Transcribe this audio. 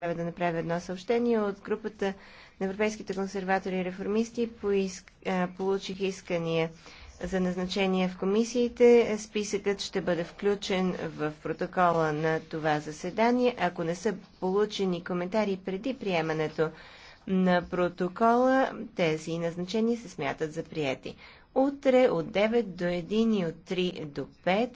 трябва да направя едно съобщение. От групата на европейските консерватори и реформисти поиск, а, получих искания за назначение в комисиите. Списъкът ще бъде включен в протокола на това заседание. Ако не са получени коментари преди приемането на протокола, тези назначения се смятат за прияти. Утре от 9 до 1 и от 3 до 5